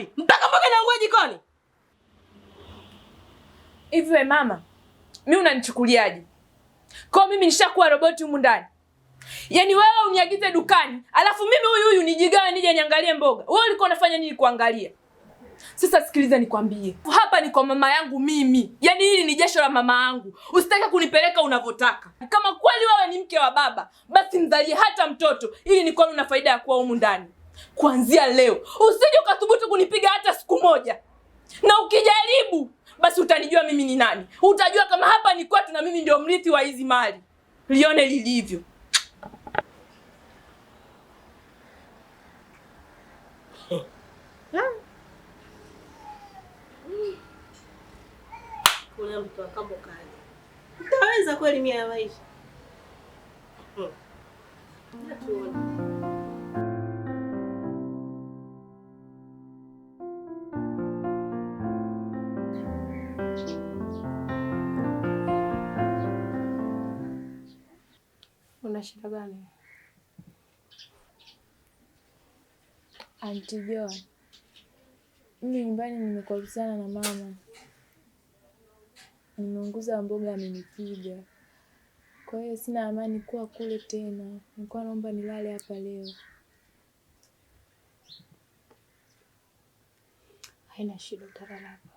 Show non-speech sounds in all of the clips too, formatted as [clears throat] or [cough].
wapi? Mpaka mboga na naungua jikoni hivi? We mama, mi unanichukuliaje? Kwa mimi nishakuwa roboti humu ndani? Yaani wewe uniagize dukani, alafu mimi huyu huyu nijigawe nije niangalie mboga. Wewe ulikuwa unafanya nini kuangalia? Sasa sikiliza nikwambie. Hapa ni kwa mama yangu mimi. Yaani hili ni jasho la mama yangu. Usitake kunipeleka unavyotaka. Kama kweli wewe ni mke wa baba, basi mzalie hata mtoto ili ni kwani una faida ya kuwa humu ndani kuanzia leo usije ukathubutu kunipiga hata siku moja, na ukijaribu basi utanijua mimi ni nani. Utajua kama hapa ni kwetu na mimi ndio mrithi wa hizi mali. Lione lilivyo. Ah. Utaweza kweli mimi ya maisha? Hmm. Aunty Joa, mimi nyumbani nimekoruzana na mama, nimeunguza mboga amenipiga, kwa hiyo sina amani kuwa kule tena. Nilikuwa naomba nilale hapa leo. Haina shida, utalala hapa.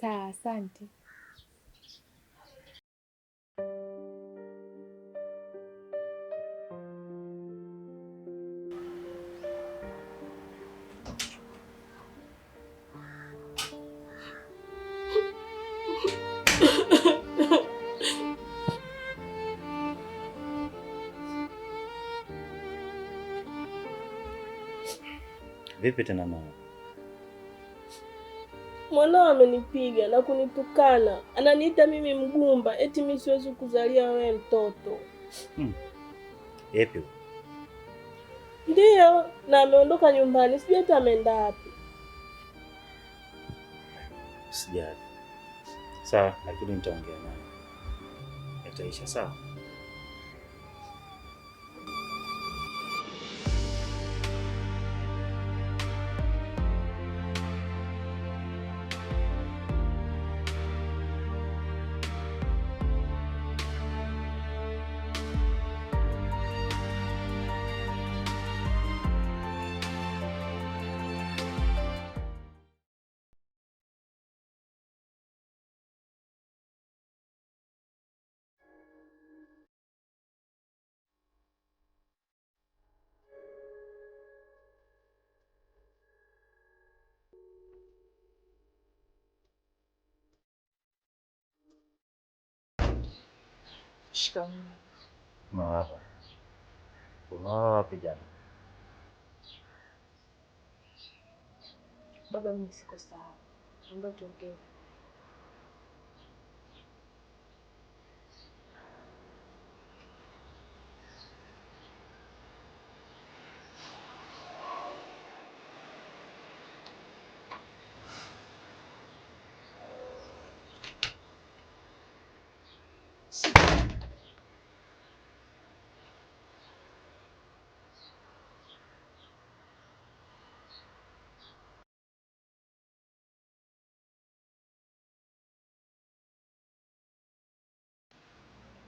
Sawa, asante. Vipi tena mama? Mwanao amenipiga na kunitukana, ananiita mimi mgumba, eti mimi siwezi kuzalia wewe mtoto. Hmm. Epi? Ndiyo, na ameondoka nyumbani, sijui hata ameenda wapi. Sijali. Sawa, lakini nitaongea naye. Itaisha sawa. Shikamoo. Marahaba. Unaona wapi jana? Baba, mimi siko sawa, naomba tuongee.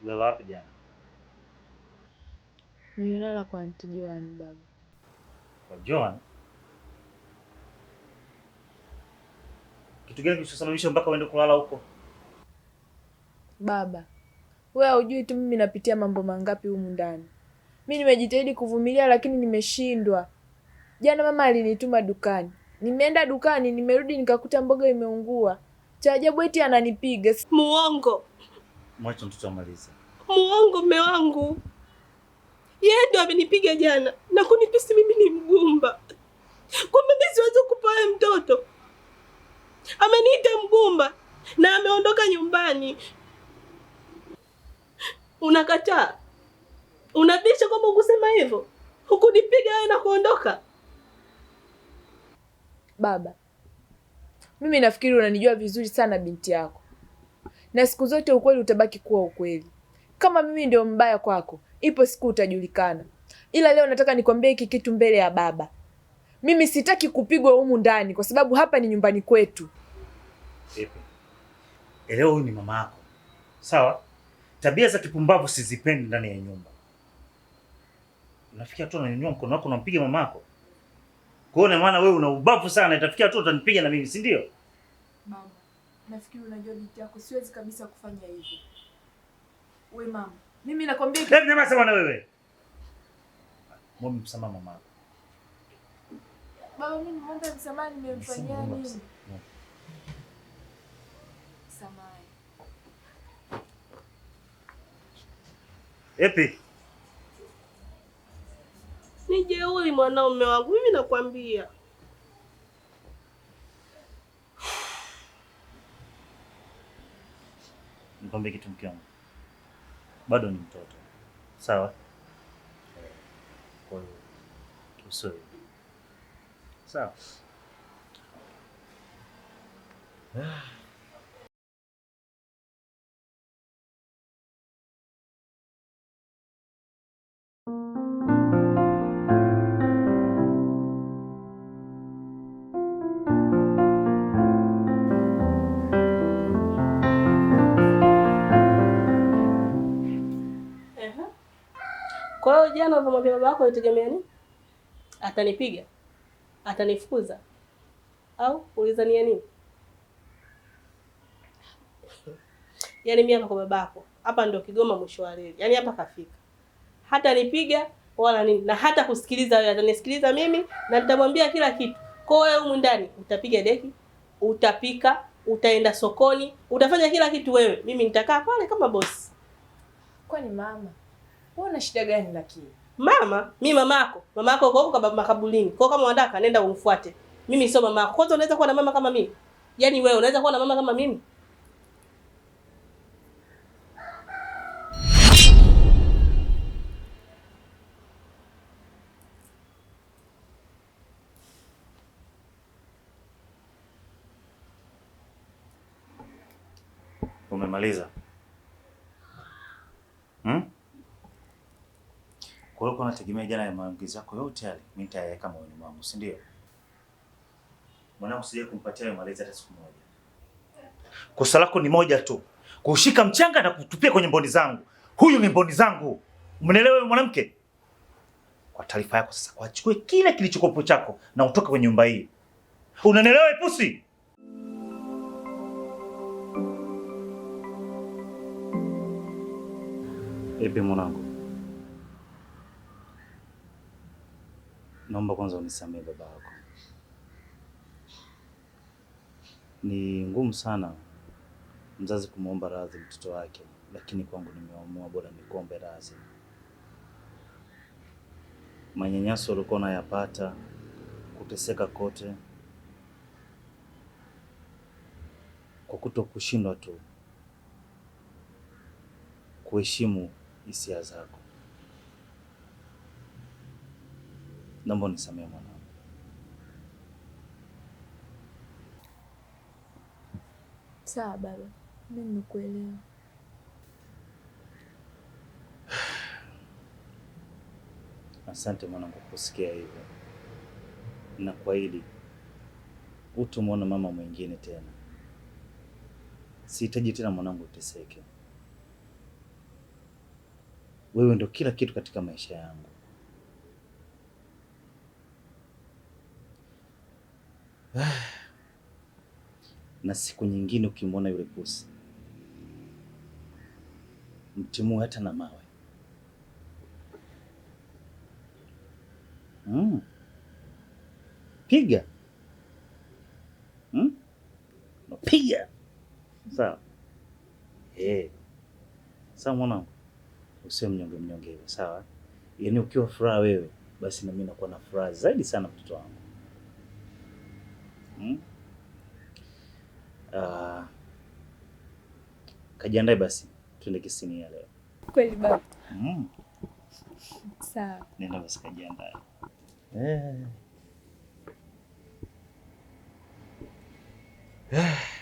Kulala wapi jana? Nililala kwa Aunti Joan baba. Kwa Joan? Kitu gani kilichosababisha mpaka uende kulala huko? Baba, wewe hujui tu mimi napitia mambo mangapi humu ndani. Mimi nimejitahidi kuvumilia lakini nimeshindwa. Jana mama alinituma dukani. Nimeenda dukani, nimerudi nikakuta mboga imeungua. Cha ajabu eti ananipiga. Muongo. Mwacha mtoto amalize. Mume wangu, mume wangu yeye ndo amenipiga jana na kunipisi mimi ni mgumba, kumbe mimi siwezi kupoa mtoto. Ameniita mgumba na ameondoka nyumbani. Unakataa, unabisha kwamba ukusema hivyo, hukunipiga wewe na kuondoka. Baba, mimi nafikiri unanijua vizuri sana binti yako, na siku zote ukweli utabaki kuwa ukweli. Kama mimi ndio mbaya kwako, ipo siku utajulikana. Ila leo nataka nikwambie hiki kitu mbele ya baba. Mimi sitaki kupigwa humu ndani, kwa sababu hapa ni nyumbani kwetu. Epe, elewa huyu ni mama yako, sawa? Tabia za kipumbavu sizipendi ndani ya nyumba. Unafikia tu unanyanyua mkono wako unampiga mama yako. Kwa hiyo maana wewe una ubavu sana, itafikia tu utanipiga na mimi, si ndio? Mama, nafikiri unajua binti yako, siwezi kabisa kufanya hivyo. Wewe mama, mimi nakwambia kitu. Hebu nyamaza bwana wewe. Muombe msamaha mama. Baba mimi muombe msamaha nimemfanyia nini? Epi. Ni jeuri mwanaume wangu, mimi nakwambia. Nikwambie kitu mke wangu bado ni mtoto sawa. Kwa hiyo sawa. Ah. jana ulivyomwambia baba yako ulitegemea nini? Atanipiga? Atanifukuza? Au ulizania nini? Yaani mimi hapa kwa babako hapa ndio Kigoma mwisho wa reli. Yaani hapa kafika. Hata nipiga wala nini na hata kusikiliza wewe, atanisikiliza mimi na nitamwambia kila kitu. Kwa hiyo wewe humu ndani utapiga deki, utapika, utaenda sokoni, utafanya kila kitu wewe. Mimi nitakaa pale kama bosi. Kwani mama wewe una shida gani lakini? Mama, mi mamako. Mamako uko huko makaburini. Kwa kama unataka nenda umfuate. Mimi sio mamako. Kwanza unaweza kuwa na mama kama mimi? Yaani wewe unaweza kuwa na mama kama mimi? Umemaliza? nategemea jana ya maongezi yako yote yale mimi nitayaweka moyoni mwangu, si ndio? Mwanangu sije kumpatia yeye malezi hata siku moja. Kosa lako ni moja tu, kushika mchanga na kutupia kwenye mboni zangu. Huyu ni mboni zangu, umeelewa wewe mwanamke. Kwa taarifa yako sasa, wachukue kile kilichokopo chako na utoke kwenye nyumba hii, unanielewa ipusi? Ebe mwanangu naomba kwanza unisamehe baba yako. Ni ngumu sana mzazi kumwomba radhi mtoto wake, lakini kwangu nimeamua bora nikuombe radhi. Manyanyaso ulikuwa unayapata, kuteseka kote, kwa kuto kushindwa tu kuheshimu hisia zako. Naomba unisamehe mwanangu. Sawa baba, mimi nimekuelewa. Asante mwanangu kusikia hivyo, na utu utamwona mama mwingine tena. Sihitaji tena mwanangu uteseke. Wewe ndo kila kitu katika maisha yangu. [sighs] na siku nyingine ukimwona yule kusi mtimue hata na mawe. Mm. Piga mm? Napiga sawa. Hey. Eh. Sawa mwanangu, usiwe mnyonge mnyonge sawa. Yaani ukiwa furaha wewe, basi nami nakuwa na furaha zaidi sana, mtoto wangu. Mm? Uh, kajiandae basi tuende kisini ya leo. Kweli baba? Mm. Sawa. Nenda basi kajiandae. Eh. eh.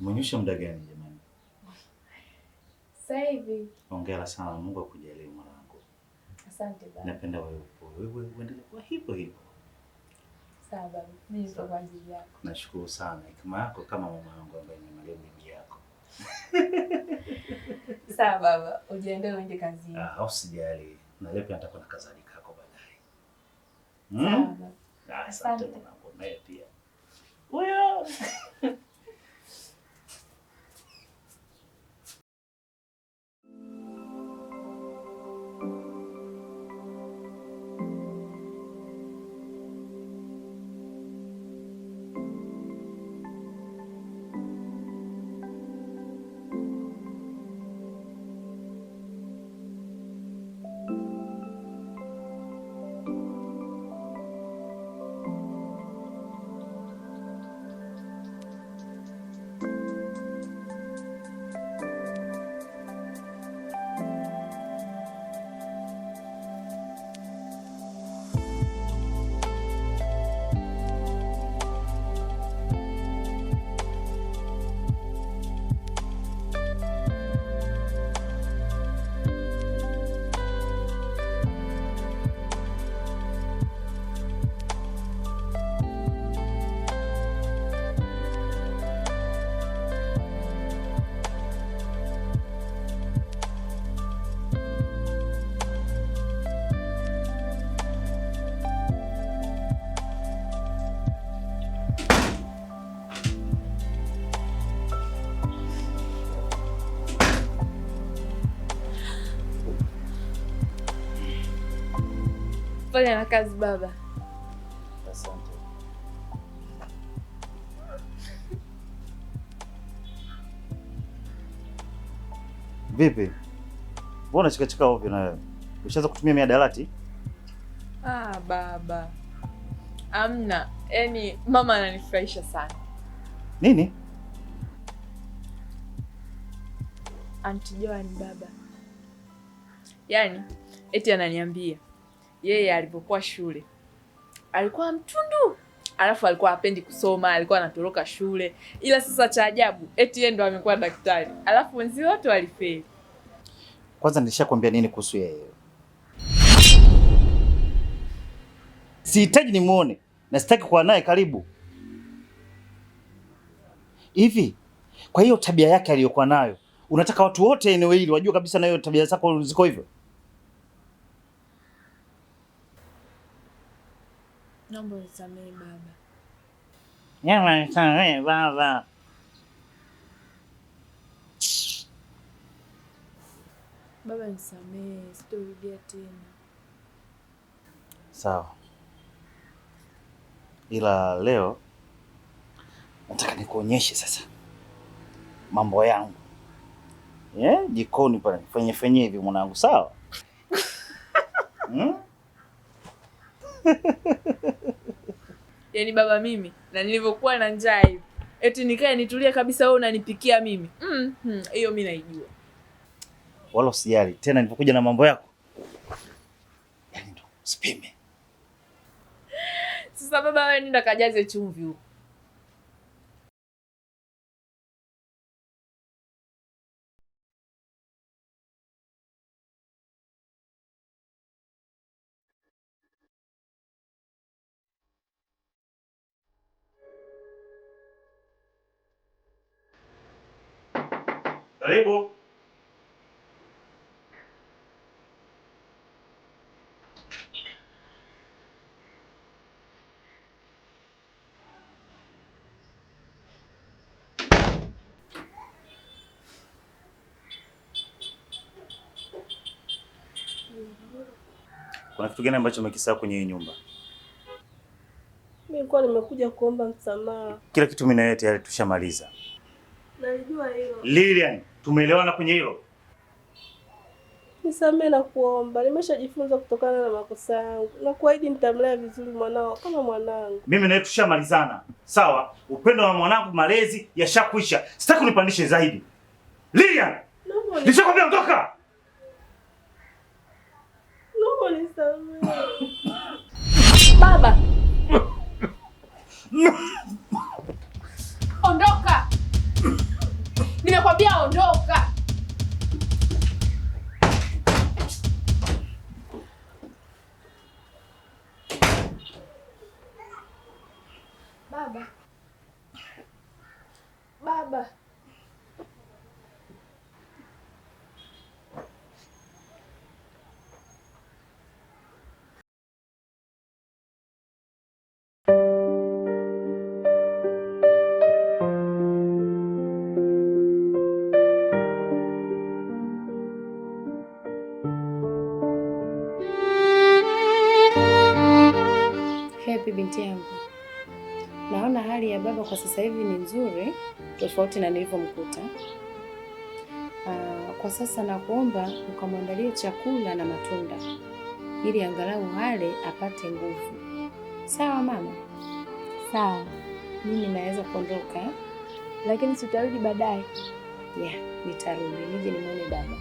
Umenyosha muda gani jamani? Sasa hivi. Hongera sana, Mungu akujalie mwanangu. Asante baba. Napenda wewe upo. Wewe uendelee kwa hivyo hivyo. Sawa baba. Mimi nipo kwa ajili yako. Nashukuru sana hekima yako kama mama yangu ambaye ni marehemu bibi yako. [laughs] Sawa baba, ujiandae uende kazini. Ah, usijali. Na leo nitakuwa na kazi kako baadaye. Mm. Asante Asante. Asante. Asante. Asante. pole na kazi baba. Asante. Vipi? Mbona chika chika ovyo na Ushaanza kutumia miadarati? Ah, baba. Amna. yani mama ananifurahisha sana. Nini? Auntie Joan baba. Yaani eti ananiambia yeye alipokuwa shule alikuwa mtundu, alafu alikuwa hapendi kusoma, alikuwa anatoroka shule. Ila sasa cha ajabu, eti yeye ndo amekuwa daktari, alafu wenzi wote walifeli. Kwanza nilishakwambia nini kuhusu yeye? Sihitaji nimwone na sitaki kuwa naye karibu hivi. Kwa hiyo tabia yake aliyokuwa nayo, unataka watu wote eneo hili wajue kabisa nayo tabia zako ziko hivyo? Naomba unisamehe baba. Nyama unisamehe baba. Baba nisamehe, sitorudia tena. Sawa, ila leo nataka nikuonyeshe sasa mambo yangu yeah, jikoni pale fenye fenye hivi mwanangu, sawa? [laughs] hmm? [laughs] Yaani baba mimi na nilivyokuwa na njaa hivi, eti nikae nitulie kabisa, wewe unanipikia mimi mhm, hiyo? mm -hmm, mi naijua, wala usijali tena. Nilipokuja na mambo yako yani ndo sipime sasa. Baba wewe nenda kajaze chumvi huko. kuna kitu gani ambacho umekisahau kwenye hii nyumba? Mimi Nilikuwa nimekuja kuomba msamaha. Kila kitu mimi na yeye tayari tushamaliza. Najua hilo. Lilian, tumeelewana kwenye hilo? Nisamehe na kuomba. Nimeshajifunza kutokana na makosa yangu. Na kuahidi nitamlea vizuri mwanao kama mwanangu. Mimi na yeye tushamalizana. Sawa? Upendo wa mwanangu malezi yashakwisha. Sitaki unipandishe zaidi. Lilian! Nishakwambia ondoka. Baba, ondoka! Nimekwambia ondoka! Baba, baba tofauti na nilivyomkuta. Uh, kwa sasa nakuomba ukamwandalie chakula na matunda ili angalau hale apate nguvu. Sawa mama? Sawa. Mimi naweza kuondoka, eh? lakini sitarudi baadaye. Yeah, nitarudi nije nimwone baba.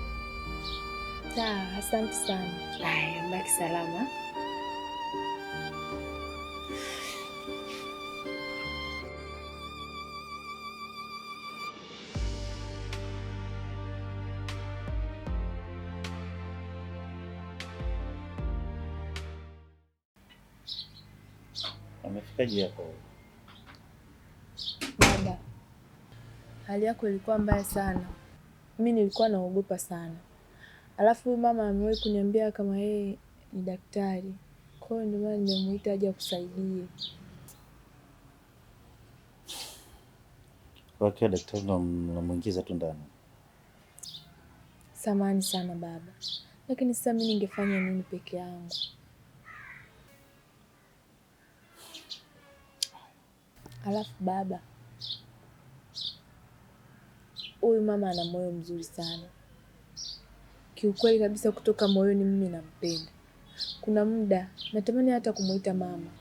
Sawa, asante sana. Haya, mbaki salama. Eh? Inakuwaje hapo? Baba, hali yako ilikuwa mbaya sana, mi nilikuwa naogopa sana. Alafu mama amewahi kuniambia kama yeye ni daktari, kwa hiyo ndio maana nimemuita aje akusaidie. Wakiwa daktari namwingiza tu ndani. Samahani sana baba, lakini sasa mi ningefanya nini peke yangu? Alafu baba, huyu mama ana moyo mzuri sana kiukweli kabisa, kutoka moyoni mimi nampenda. Kuna muda natamani hata kumwita mama.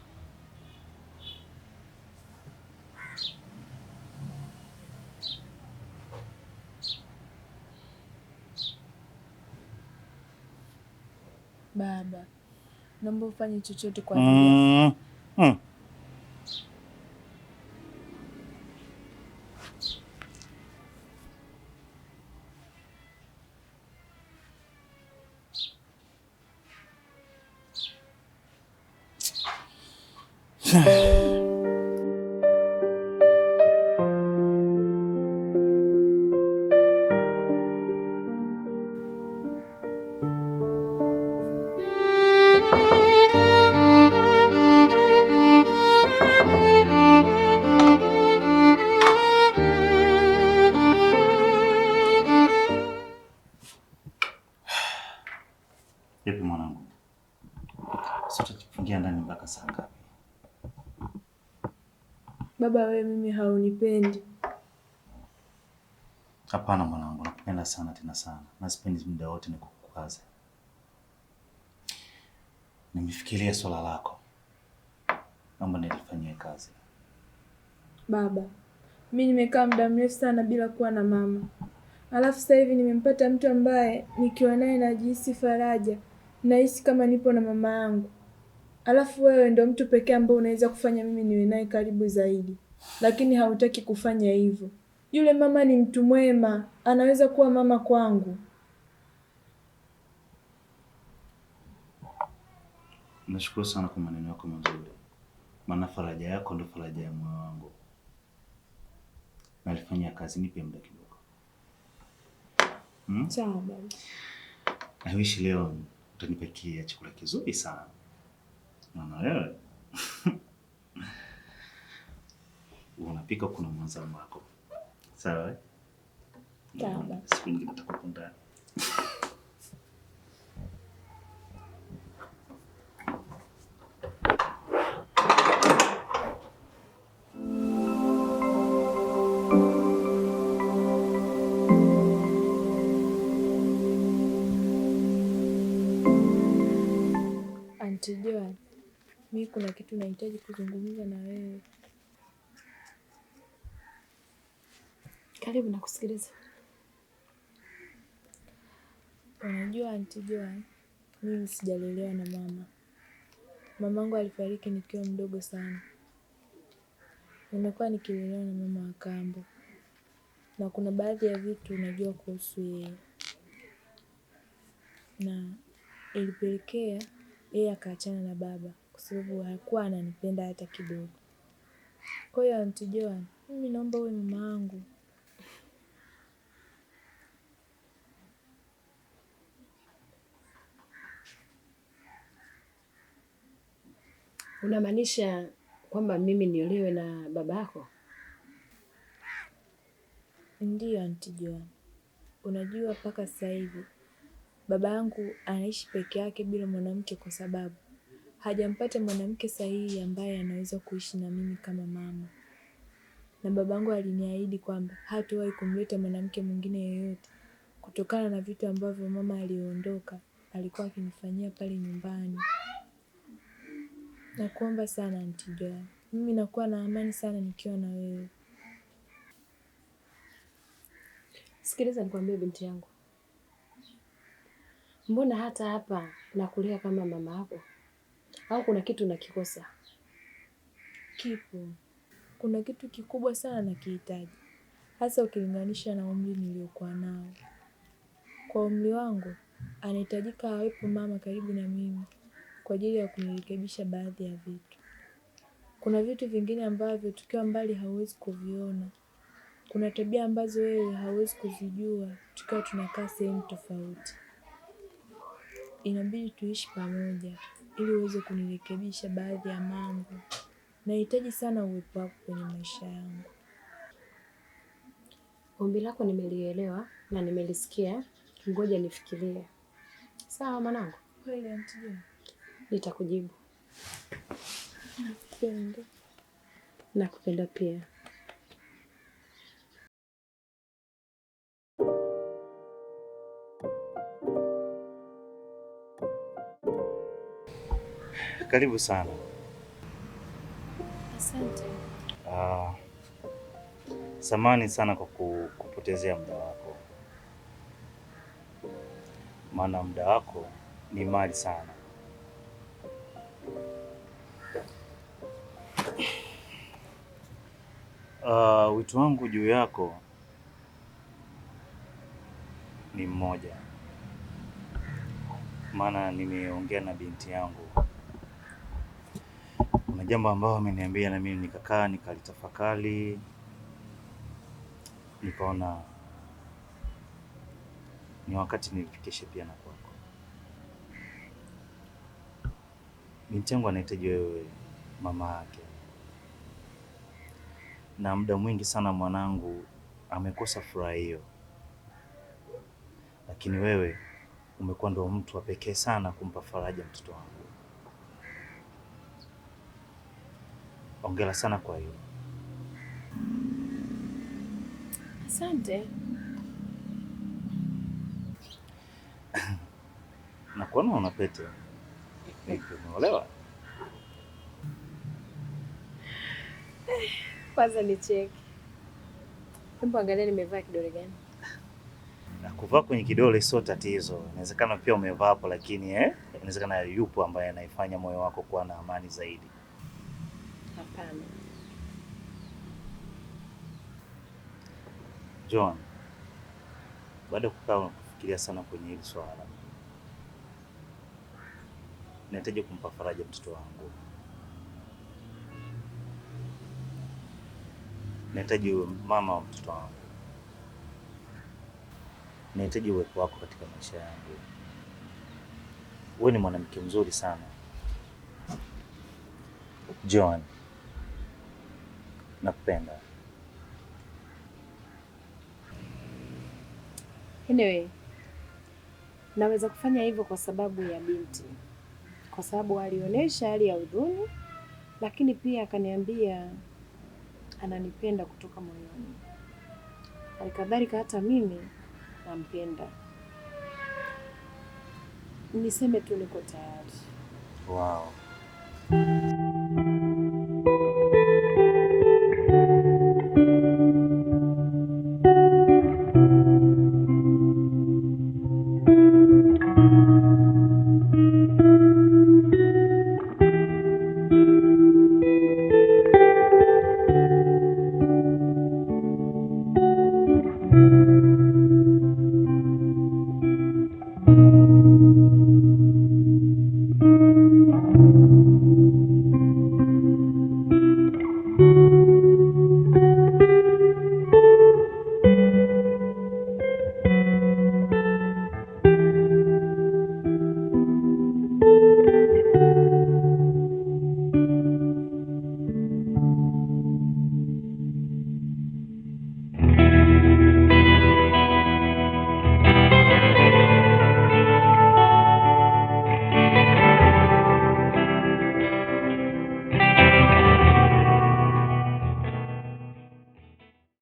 Baba, naomba ufanye chochote kwa mm. Yeah. [laughs] sana tena sana, na sipendi muda wote nikukwaze. Nimefikiria swala lako, naomba nilifanyie kazi. Baba, mi nimekaa muda mrefu sana bila kuwa na mama, alafu sasa hivi nimempata mtu ambaye nikiwa naye najihisi faraja, nahisi kama nipo na mama yangu. Alafu wewe ndo mtu pekee ambaye unaweza kufanya mimi niwe naye karibu zaidi, lakini hautaki kufanya hivyo. Yule mama ni mtu mwema, anaweza kuwa mama kwangu. Nashukuru sana kwa maneno yako mazuri, maana faraja yako ndo faraja ya moyo wangu. Nalifanya kazi, nipe muda kidogo hmm? Sawa baba. leo utanipakia chakula kizuri sana mama. Wewe [laughs] unapika kuna mwanzo wako Ça va? Sawa, siku nyingine tutakuwa trop content. Joan, mi kuna kitu nahitaji kuzungumza na wewe. Karibu na kusikiliza. Unajua Aunti Joan, mimi sijalelewa na mama. Mamangu alifariki nikiwa mdogo sana. Nimekuwa nikilelewa na mama wa kambo, na kuna baadhi ya vitu najua kuhusu yeye, na ilipelekea yeye akaachana na baba kwa sababu hakuwa ananipenda hata kidogo. Kwa hiyo Aunti Joan, mimi naomba uwe mama yangu. Unamaanisha kwamba mimi niolewe na baba yako? Ndiyo, Aunty Joan. Unajua mpaka sasa hivi baba yangu anaishi peke yake bila mwanamke kwa sababu hajampata mwanamke sahihi ambaye anaweza kuishi na mimi kama mama, na baba babangu aliniahidi kwamba hatuwahi kumleta mwanamke mwingine yeyote kutokana na vitu ambavyo mama aliondoka alikuwa akinifanyia pale nyumbani. Nakuomba sana mpendwa wangu, mimi nakuwa na amani sana nikiwa na wewe. Sikiliza nikwambie binti yangu, mbona hata hapa nakulea kama mama yako? Au kuna kitu nakikosa? Kipo, kuna kitu kikubwa sana nakihitaji, hasa ukilinganisha na umri niliokuwa nao. Kwa umri wangu anahitajika awepo mama karibu na mimi kwa ajili ya kunirekebisha baadhi ya vitu. Kuna vitu vingine ambavyo tukiwa mbali hauwezi kuviona. Kuna tabia ambazo wewe hauwezi kuzijua tukiwa tunakaa sehemu tofauti. Inabidi tuishi pamoja ili uweze kunirekebisha baadhi ya mambo. Nahitaji sana uwepo wako kwenye maisha yangu. Ombi lako nimelielewa na nimelisikia, ngoja nifikirie. Sawa mwanangu. Kweli Anti nitakujibu. Nakupenda. Nakupenda pia. Karibu sana. Asante. Ah, samani sana kwa kupotezea muda wako, maana muda wako ni mali sana. Uh, wito wangu juu yako ni mmoja, maana nimeongea na binti yangu. Kuna jambo ambalo ameniambia, na mimi nikakaa nikalitafakari, nikaona ni wakati nilifikishe pia na kwako. Binti yangu anahitaji wewe, mama yake na muda mwingi sana mwanangu amekosa furaha hiyo, lakini wewe umekuwa ndo mtu wa pekee sana kumpa faraja mtoto wangu. Ongera sana kwa hiyo. Asante. [clears throat] Nakuona una pete. Umeolewa? Eh, kwanza ni cheki. Hebu angalia nimevaa kidole gani? Na kuvaa kwenye kidole sio tatizo. Inawezekana pia umevaa hapo lakini eh, inawezekana yupo ambaye anaifanya moyo wako kuwa na amani zaidi. Hapana. John, baada ya kukaa unafikiria sana kwenye hili swala, nahitaji kumpa faraja mtoto wangu. Nahitaji uwe mama wa mtoto wangu, nahitaji uwepo wako katika maisha yangu. Wewe ni mwanamke mzuri sana John, nakupenda. Anyway, naweza kufanya hivyo kwa sababu ya binti, kwa sababu alionyesha hali ya udhuni, lakini pia akaniambia ananipenda kutoka moyoni. Halikadhalika hata mimi nampenda. Niseme tu niko tayari. Wow.